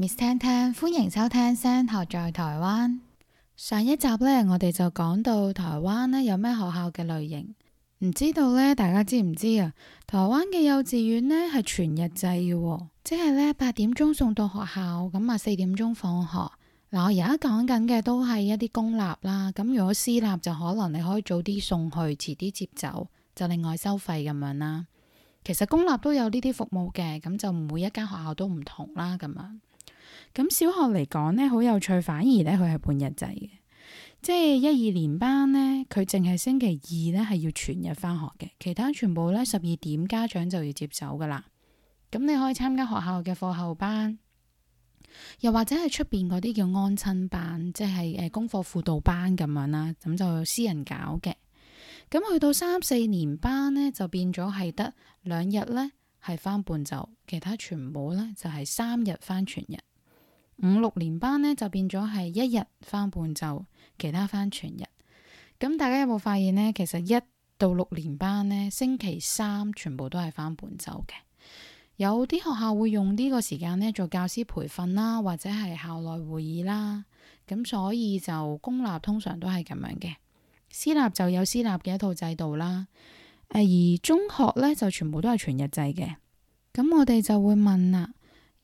Miss 聽聽，eng, 歡迎收聽聲《聲學在台灣》。上一集呢，我哋就講到台灣呢有咩學校嘅類型。唔知道呢，大家知唔知啊？台灣嘅幼稚園呢係全日制嘅，哦，即係呢八點鐘送到學校，咁啊四點鐘放學。嗱，我而家講緊嘅都係一啲公立啦。咁如果私立就可能你可以早啲送去，遲啲接走就另外收費咁樣啦。其實公立都有呢啲服務嘅，咁就每一間學校都唔同啦。咁樣。咁小學嚟講咧，好有趣。反而咧，佢係半日制嘅，即係一二年班咧，佢淨係星期二咧係要全日翻學嘅，其他全部咧，十二點家長就要接走噶啦。咁你可以參加學校嘅課後班，又或者係出邊嗰啲叫安親班，即係誒、呃、功課輔導班咁樣啦。咁就私人搞嘅。咁去到三四年班咧，就變咗係得兩日咧係翻半晝，其他全部咧，就係、是、三日翻全日。五六年班咧，就變咗係一日返半晝，其他返全日。咁大家有冇發現咧？其實一到六年班咧，星期三全部都係返半晝嘅。有啲學校會用呢個時間咧做教師培訓啦，或者係校內會議啦。咁所以就公立通常都係咁樣嘅，私立就有私立嘅一套制度啦。誒，而中學咧就全部都係全日制嘅。咁我哋就會問啦。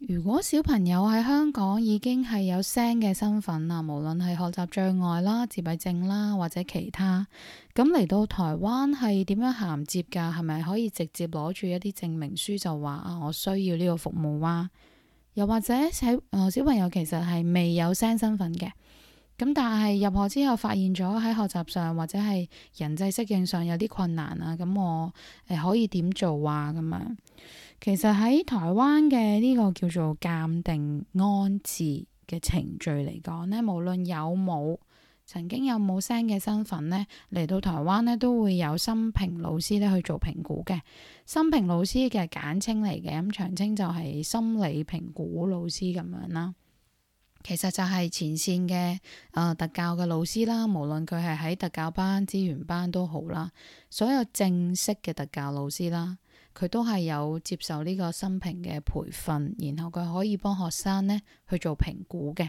如果小朋友喺香港已經係有聲嘅身份啊，無論係學習障礙啦、自閉症啦或者其他，咁嚟到台灣係點樣銜接噶？係咪可以直接攞住一啲證明書就話啊，我需要呢個服務啊？又或者喺小朋友其實係未有聲身份嘅，咁但係入學之後發現咗喺學習上或者係人際適應上有啲困難啊，咁我誒可以點做啊？咁啊？其實喺台灣嘅呢個叫做鑑定安置嘅程序嚟講咧，無論有冇曾經有冇 SEN 嘅身份咧，嚟到台灣咧都會有心評老師咧去做評估嘅。心評老師嘅簡稱嚟嘅，咁長稱就係心理評估老師咁樣啦。其實就係前線嘅誒、呃、特教嘅老師啦，無論佢係喺特教班、資源班都好啦，所有正式嘅特教老師啦。佢都係有接受呢個生評嘅培訓，然後佢可以幫學生咧去做評估嘅。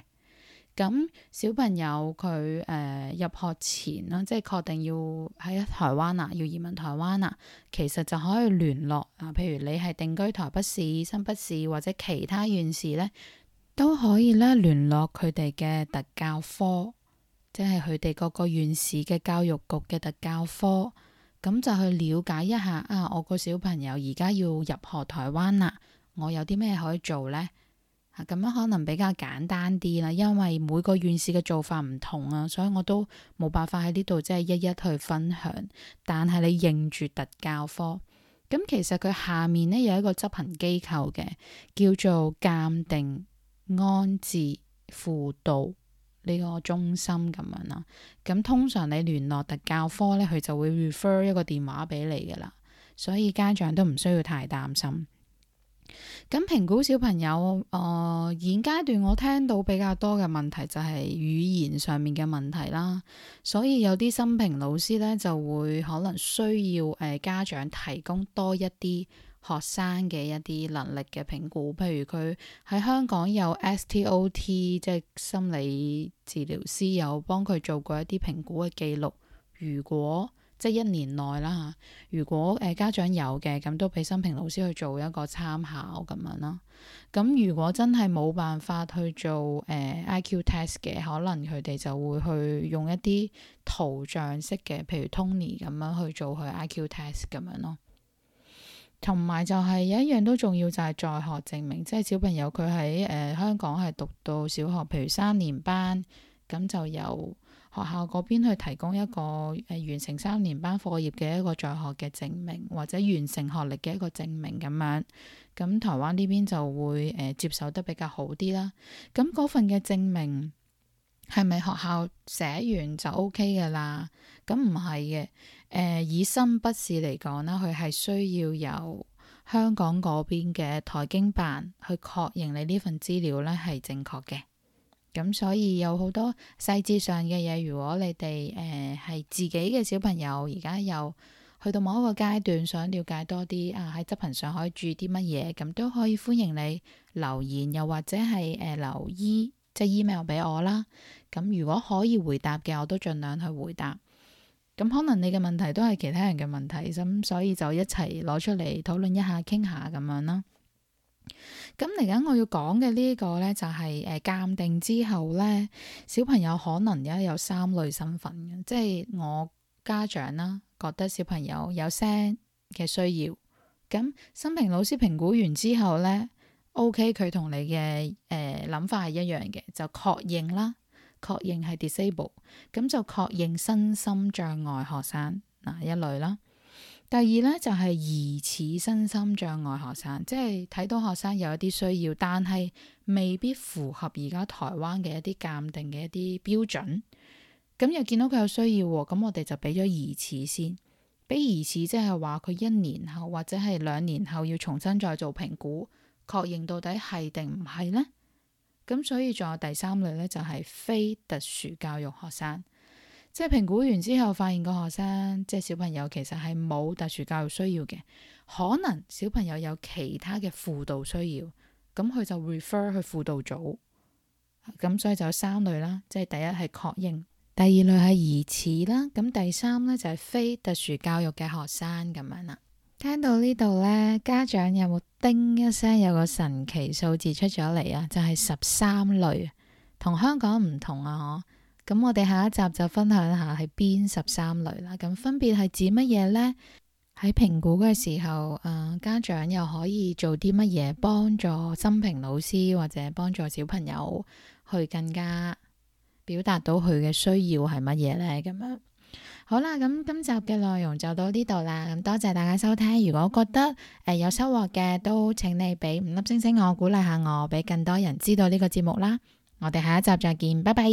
咁小朋友佢誒、呃、入學前啦，即係確定要喺台灣啊，要移民台灣啊，其實就可以聯絡啊。譬如你係定居台北市、新北市或者其他縣市咧，都可以咧聯絡佢哋嘅特教科，即係佢哋各個縣市嘅教育局嘅特教科。咁就去了解一下啊！我個小朋友而家要入學台灣啦，我有啲咩可以做呢？啊，咁樣可能比較簡單啲啦，因為每個縣市嘅做法唔同啊，所以我都冇辦法喺呢度即係一一去分享。但係你認住特教科，咁其實佢下面咧有一個執行機構嘅，叫做鑑定安置輔導。呢個中心咁樣啦，咁通常你聯絡特教科咧，佢就會 refer 一個電話俾你嘅啦，所以家長都唔需要太擔心。咁評估小朋友，誒、呃、現階段我聽到比較多嘅問題就係語言上面嘅問題啦，所以有啲心評老師咧就會可能需要誒、呃、家長提供多一啲。學生嘅一啲能力嘅評估，譬如佢喺香港有 S.T.O.T，即係心理治療師有幫佢做過一啲評估嘅記錄。如果即係一年內啦嚇，如果誒、呃、家長有嘅，咁都俾心評老師去做一個參考咁樣啦。咁如果真係冇辦法去做誒、呃、I.Q. test 嘅，可能佢哋就會去用一啲圖像式嘅，譬如 Tony 咁樣去做佢 I.Q. test 咁樣咯。同埋就係有一樣都重要就係、是、在學證明，即係小朋友佢喺誒香港係讀到小學，譬如三年班，咁就由學校嗰邊去提供一個誒完成三年班課業嘅一個在學嘅證明，或者完成學歷嘅一個證明咁樣。咁台灣呢邊就會誒、呃、接受得比較好啲啦。咁嗰份嘅證明係咪學校寫完就 OK 嘅啦？咁唔係嘅。誒以身筆試嚟講啦，佢係需要由香港嗰邊嘅台經辦去確認你呢份資料咧係正確嘅。咁所以有好多細節上嘅嘢，如果你哋誒係自己嘅小朋友，而家又去到某一個階段，想了解多啲啊，喺執行上可以注意啲乜嘢，咁都可以歡迎你留言，又或者係誒、呃、留意即 email 俾我啦。咁如果可以回答嘅，我都盡量去回答。咁可能你嘅問題都係其他人嘅問題，咁所以就一齊攞出嚟討論一下，傾下咁樣啦。咁嚟緊我要講嘅呢個咧、就係，就係誒鑑定之後咧，小朋友可能而家有三類身份嘅，即係我家長啦，覺得小朋友有聲嘅需要，咁心評老師評估完之後咧，O K 佢同你嘅誒諗法係一樣嘅，就確認啦。確認係 disable，咁就確認身心障礙學生嗰一類啦。第二咧就係、是、疑似身心障礙學生，即係睇到學生有一啲需要，但係未必符合而家台灣嘅一啲鑑定嘅一啲標準。咁又見到佢有需要，咁我哋就俾咗疑似先，俾疑似即係話佢一年後或者係兩年後要重新再做評估，確認到底係定唔係呢？咁所以仲有第三類咧，就係非特殊教育學生，即係評估完之後發現個學生，即係小朋友其實係冇特殊教育需要嘅，可能小朋友有其他嘅輔導需要，咁佢就 refer 去輔導組。咁所以就有三類啦，即係第一係確認，第二類係疑似啦，咁第三咧就係非特殊教育嘅學生咁樣啦。聽到呢度呢，家長有冇叮一聲，有個神奇數字出咗嚟啊？就係十三類，同香港唔同啊！咁我哋下一集就分享下係邊十三類啦。咁分別係指乜嘢呢？喺評估嘅時候，呃，家長又可以做啲乜嘢幫助心評老師或者幫助小朋友去更加表達到佢嘅需要係乜嘢呢？咁樣。好啦，咁今集嘅內容就到呢度啦。咁多謝大家收聽，如果覺得誒、呃、有收穫嘅，都請你俾五粒星星我鼓勵下我，俾更多人知道呢個節目啦。我哋下一集再見，拜拜。